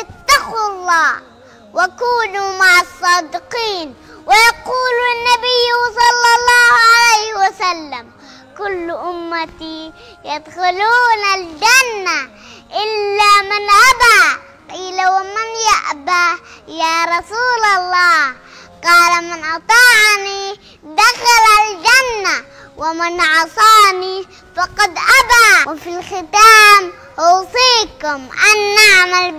اتقوا الله وكونوا مع الصادقين ويقول النبي صلى الله عليه وسلم كل أمتي يدخلون الجنة إلا من أبى قيل ومن يأبى يا رسول الله قال من أطاعني دخل الجنة ومن عصاني فقد أبى وفي الختام أوصيكم أن نعمل